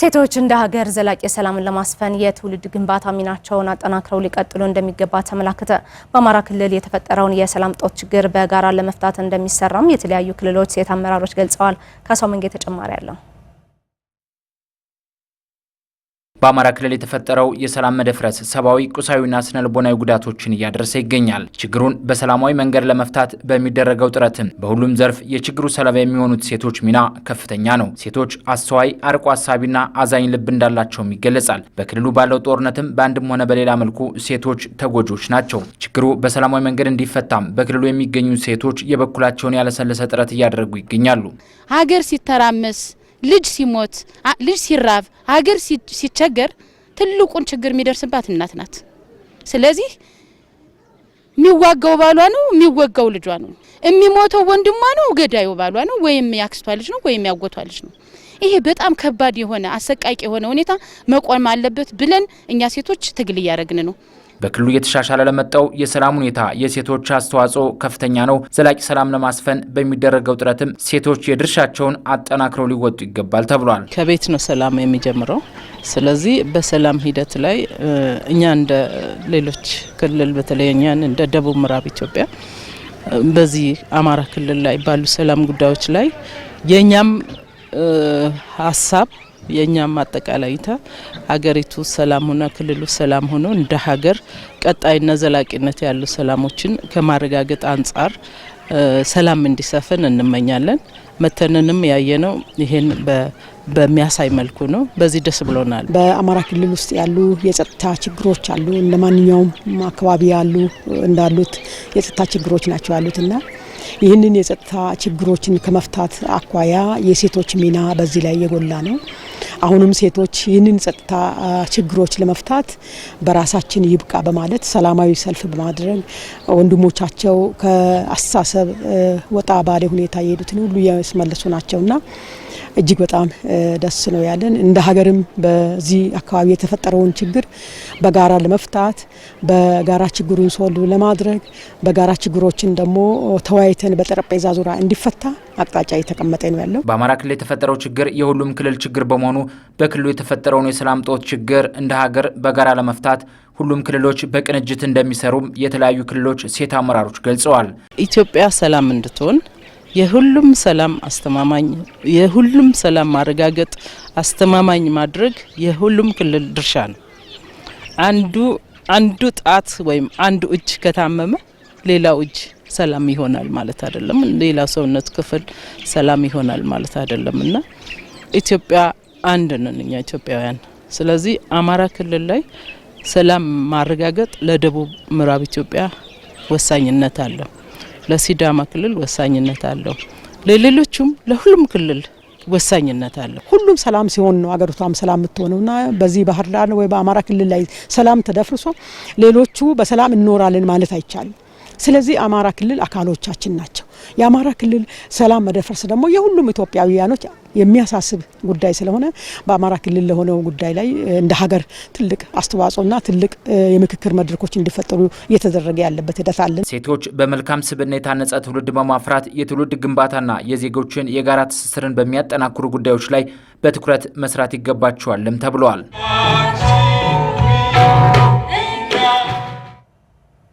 ሴቶች እንደ ሀገር ዘላቂ ሰላምን ለማስፈን የትውልድ ግንባታ ሚናቸውን አጠናክረው ሊቀጥሉ እንደሚገባ ተመላክተ። በአማራ ክልል የተፈጠረውን የሰላም እጦት ችግር በጋራ ለመፍታት እንደሚሰራም የተለያዩ ክልሎች ሴት አመራሮች ገልጸዋል። ከሰው መንጌ ተጨማሪ አለው። በአማራ ክልል የተፈጠረው የሰላም መደፍረስ ሰብአዊ ቁሳዊና ስነልቦናዊ ጉዳቶችን እያደረሰ ይገኛል። ችግሩን በሰላማዊ መንገድ ለመፍታት በሚደረገው ጥረትም በሁሉም ዘርፍ የችግሩ ሰለባ የሚሆኑት ሴቶች ሚና ከፍተኛ ነው። ሴቶች አስተዋይ፣ አርቆ አሳቢና አዛኝ ልብ እንዳላቸውም ይገለጻል። በክልሉ ባለው ጦርነትም በአንድም ሆነ በሌላ መልኩ ሴቶች ተጎጆች ናቸው። ችግሩ በሰላማዊ መንገድ እንዲፈታም በክልሉ የሚገኙ ሴቶች የበኩላቸውን ያለሰለሰ ጥረት እያደረጉ ይገኛሉ። ሀገር ሲተራመስ ልጅ ሲሞት፣ ልጅ ሲራብ፣ ሀገር ሲቸገር ትልቁን ችግር የሚደርስባት እናት ናት። ስለዚህ የሚዋጋው ባሏ ነው፣ የሚወጋው ልጇ ነው። የሚሞተው ወንድሟ ነው፣ ገዳዩ ባሏ ነው፣ ወይም ያክስቷ ልጅ ነው፣ ወይም ያጎቷ ልጅ ነው። ይሄ በጣም ከባድ የሆነ አሰቃቂ የሆነ ሁኔታ መቆም አለበት ብለን እኛ ሴቶች ትግል እያደረግን ነው። በክልሉ እየተሻሻለ ለመጣው የሰላም ሁኔታ የሴቶች አስተዋጽኦ ከፍተኛ ነው። ዘላቂ ሰላም ለማስፈን በሚደረገው ጥረትም ሴቶች የድርሻቸውን አጠናክረው ሊወጡ ይገባል ተብሏል። ከቤት ነው ሰላም የሚጀምረው። ስለዚህ በሰላም ሂደት ላይ እኛ እንደ ሌሎች ክልል በተለይ እኛን እንደ ደቡብ ምዕራብ ኢትዮጵያ በዚህ አማራ ክልል ላይ ባሉ ሰላም ጉዳዮች ላይ የእኛም ሀሳብ የእኛም አጠቃላይታ ሀገሪቱ ሰላም ሆና ክልሉ ሰላም ሆኖ እንደ ሀገር ቀጣይና ዘላቂነት ያሉ ሰላሞችን ከማረጋገጥ አንጻር ሰላም እንዲሰፍን እንመኛለን። መተንንም ያየነው ይሄን በሚያሳይ መልኩ ነው። በዚህ ደስ ብሎናል። በአማራ ክልል ውስጥ ያሉ የጸጥታ ችግሮች አሉ። እንደ ማንኛውም አካባቢ ያሉ እንዳሉት የጸጥታ ችግሮች ናቸው ያሉት እና ይህንን የጸጥታ ችግሮችን ከመፍታት አኳያ የሴቶች ሚና በዚህ ላይ የጎላ ነው። አሁንም ሴቶች ይህንን ጸጥታ ችግሮች ለመፍታት በራሳችን ይብቃ በማለት ሰላማዊ ሰልፍ በማድረግ ወንድሞቻቸው ከአስተሳሰብ ወጣ ባለ ሁኔታ የሄዱትን ሁሉ እያስመለሱ ናቸውና እጅግ በጣም ደስ ነው ያለን። እንደ ሀገርም በዚህ አካባቢ የተፈጠረውን ችግር በጋራ ለመፍታት በጋራ ችግሩን ሶልቭ ለማድረግ በጋራ ችግሮችን ደግሞ ተወያይተን በጠረጴዛ ዙሪያ እንዲፈታ አቅጣጫ እየተቀመጠ ነው ያለው። በአማራ ክልል የተፈጠረው ችግር የሁሉም ክልል ችግር በመሆኑ በክልሉ የተፈጠረውን የሰላም ጦት ችግር እንደ ሀገር በጋራ ለመፍታት ሁሉም ክልሎች በቅንጅት እንደሚሰሩም የተለያዩ ክልሎች ሴት አመራሮች ገልጸዋል። ኢትዮጵያ ሰላም እንድትሆን የሁሉም ሰላም አስተማማኝ የሁሉም ሰላም ማረጋገጥ አስተማማኝ ማድረግ የሁሉም ክልል ድርሻ ነው። አንዱ አንዱ ጣት ወይም አንዱ እጅ ከታመመ ሌላው እጅ ሰላም ይሆናል ማለት አይደለም። ሌላ ሰውነት ክፍል ሰላም ይሆናል ማለት አይደለም እና ኢትዮጵያ አንድ ነን እኛ ኢትዮጵያውያን። ስለዚህ አማራ ክልል ላይ ሰላም ማረጋገጥ ለደቡብ ምዕራብ ኢትዮጵያ ወሳኝነት አለው። ለሲዳማ ክልል ወሳኝነት አለው። ለሌሎቹም ለሁሉም ክልል ወሳኝነት አለው። ሁሉም ሰላም ሲሆን ነው አገሪቷም ሰላም እና በዚህ ባህር ዳር ወይ በአማራ ክልል ላይ ሰላም ተደፍርሶ ሌሎቹ በሰላም እንኖራለን ማለት አይቻልም። ስለዚህ አማራ ክልል አካሎቻችን ናቸው። የአማራ ክልል ሰላም መደፈርስ ደግሞ የሁሉም ኢትዮጵያውያኖች የሚያሳስብ ጉዳይ ስለሆነ በአማራ ክልል ለሆነው ጉዳይ ላይ እንደ ሀገር ትልቅ አስተዋጽኦና ትልቅ የምክክር መድረኮች እንዲፈጠሩ እየተደረገ ያለበት ሂደት አለን። ሴቶች በመልካም ስብዕና የታነጸ ትውልድ በማፍራት የትውልድ ግንባታና የዜጎችን የጋራ ትስስርን በሚያጠናክሩ ጉዳዮች ላይ በትኩረት መስራት ይገባቸዋልም ተብለዋል።